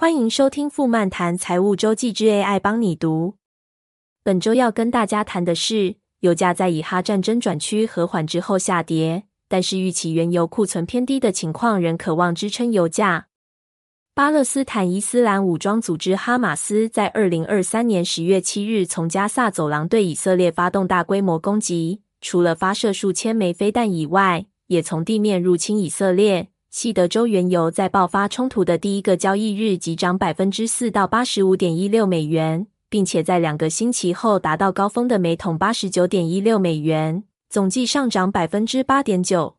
歡迎收聽富漫談財務週記之 AI 幫你讀。本周要跟大家談的是，油價在以哈戰爭轉趨和緩之後下跌，但是預期原油庫存偏低的情況仍可望支撐油價。巴勒斯坦伊斯蘭武裝組織哈馬斯在二零二三年十月七日從加薩走廊對以色列發動大規模攻擊，除了發射數千枚飛彈以外，也從地面入侵以色列。西德州原油在爆發衝突的第一個交易日即漲百分之四到八十五點一六美元，並且在兩個星期後達到高峰的每桶八十九點一六美元，總計上漲百分之八點九。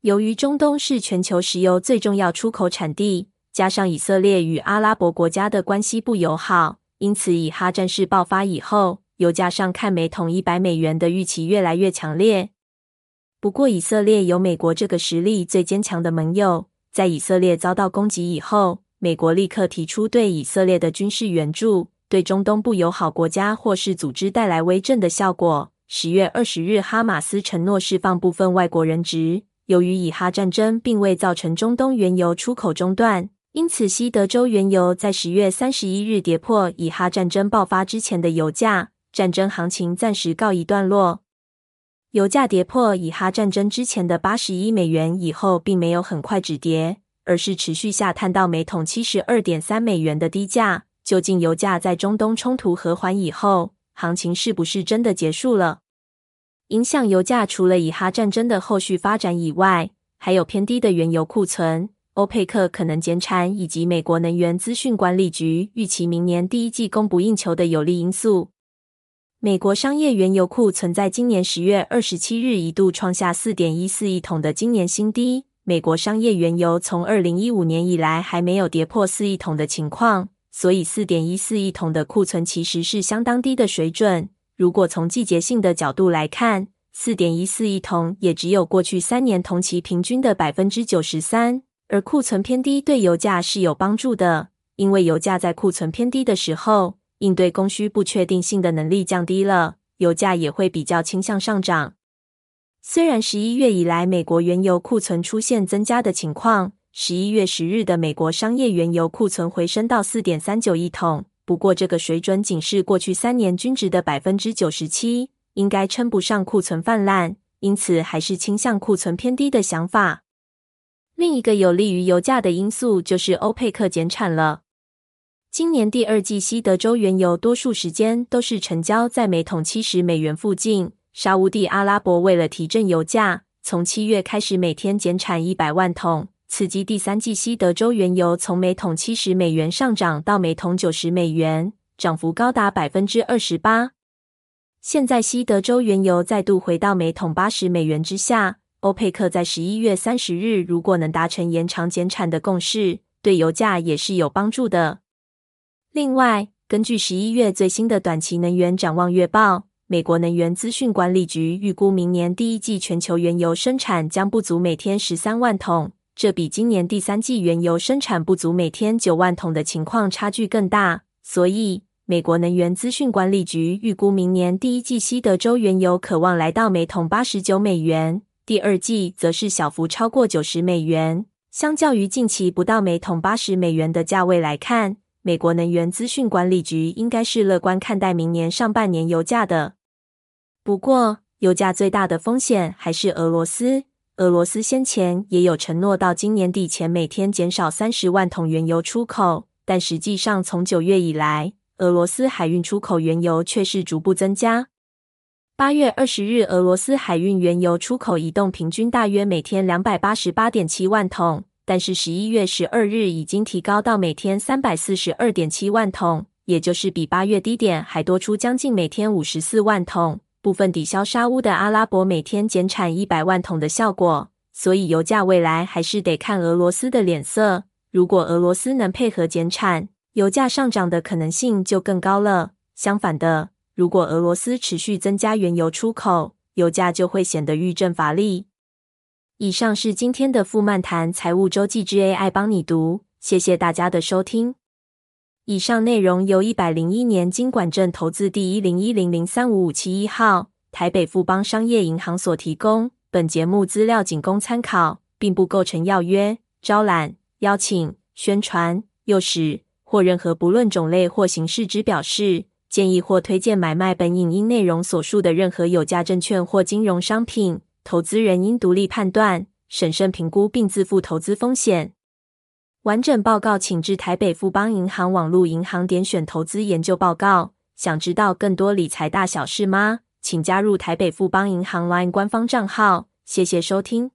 由於中東是全球石油最重要出口產地，加上以色列與阿拉伯國家的關係不友好，因此以哈戰事爆發以後，油價上看每桶一百美元的預期越來越強烈。不過，以色列有美國這個實力最堅強的盟友，在以色列遭到攻擊以後，美國立刻提出對以色列的軍事援助，對中東不友好國家或是組織帶來威震的效果。十月二十日，哈馬斯承諾釋放部分外國人質。由於以哈戰爭並未造成中東原油出口中斷，因此西德州原油在十月三十一日跌破以哈戰爭爆發之前的油價，戰爭行情暫時告一段落。油價跌破以哈戰爭之前的八十一美元以後，並沒有很快止跌，而是持續下探到每桶七十二點三美元的低價。究竟油價在中東衝突和緩以後，行情是不是真的結束了？影響油價除了以哈戰爭的後續發展以外，還有偏低的原油庫存、歐佩克可能減產，以及美國能源資訊管理局預期明年第一季供不應求的有利因素。美國商業原油庫存在今年十月二十七日一度創下四點一四億桶的今年新低。美國商業原油從二零一五年以來還沒有跌破四億桶的情況，所以四點一四億桶的庫存其實是相當低的水準。如果從季節性的角度來看，四點一四億桶也只有過去三年同期平均的百分之九十三，而庫存偏低對油價是有幫助的，因為油價在庫存偏低的時候，應對供需不確定性的能力降低了，油價也會比較傾向上漲。雖然十一月以來美國原油庫存出現增加的情況，十一月十日的美國商業原油庫存回升到四點三九億桶，不過這個水準僅是過去三年均值的百分之九十七，應該稱不上庫存泛濫，因此還是傾向庫存偏低的想法。另一個有利於油價的因素就是歐佩克減產了。今年第二季西德州原油多數時間都是成交在每桶七十美元附近。沙烏地阿拉伯為了提振油價，從七月開始每天減產一百萬桶。刺激第三季西德州原油從每桶七十美元上漲到每桶九十美元，漲幅高達百分之二十八。現在西德州原油再度回到每桶八十美元之下。歐佩克在十一月三十日如果能達成延長減產的共識，對油價也是有幫助的。另外，根據十一月最新的短期能源展望月報，美國能源資訊管理局預估，明年第一季全球原油生產將不足每天十三萬桶，這比今年第三季原油生產不足每天九萬桶的情況差距更大。所以，美國能源資訊管理局預估，明年第一季西德州原油可望來到每桶八十九美元，第二季則是小幅超過九十美元。相較於近期不到每桶八十美元的價位來看。美國能源資訊管理局應該是樂觀看待明年上半年油價的，不過油價最大的風險還是俄羅斯。俄羅斯先前也有承諾到今年底前每天減少三十萬桶原油出口，但實際上從九月以來，俄羅斯海運出口原油卻是逐步增加。八月二十日，俄羅斯海運原油出口移動平均大約每天兩百八十八點七萬桶。但是十一月十二日已經提高到每天三百四十二點七萬桶，也就是比八月低點還多出將近每天五十四萬桶，部分抵消沙烏地阿拉伯每天減產一百萬桶的效果。所以油價未來還是得看俄羅斯的臉色。如果俄羅斯能配合減產，油價上漲的可能性就更高了。相反的，如果俄羅斯持續增加原油出口，油價就會顯得欲振乏力。以上是今天的富漫談財務週記之 AI 幫你讀，謝謝大家的收聽。以上內容由一百零一年金管證投字第一零一零零三五五七一號台北富邦商業銀行所提供。本節目資料僅供參考，並不構成要約、招攬、邀請、宣傳、誘使或任何不論種類或形式之表示、建議或推薦買賣本影音內容所述的任何有價證券或金融商品。投資人應獨立判斷、審慎評估，並自負投資風險。完整報告請至台北富邦銀行網路銀行點選投資研究報告。想知道更多理財大小事嗎？請加入台北富邦銀行 LINE 官方賬號。謝謝收聽。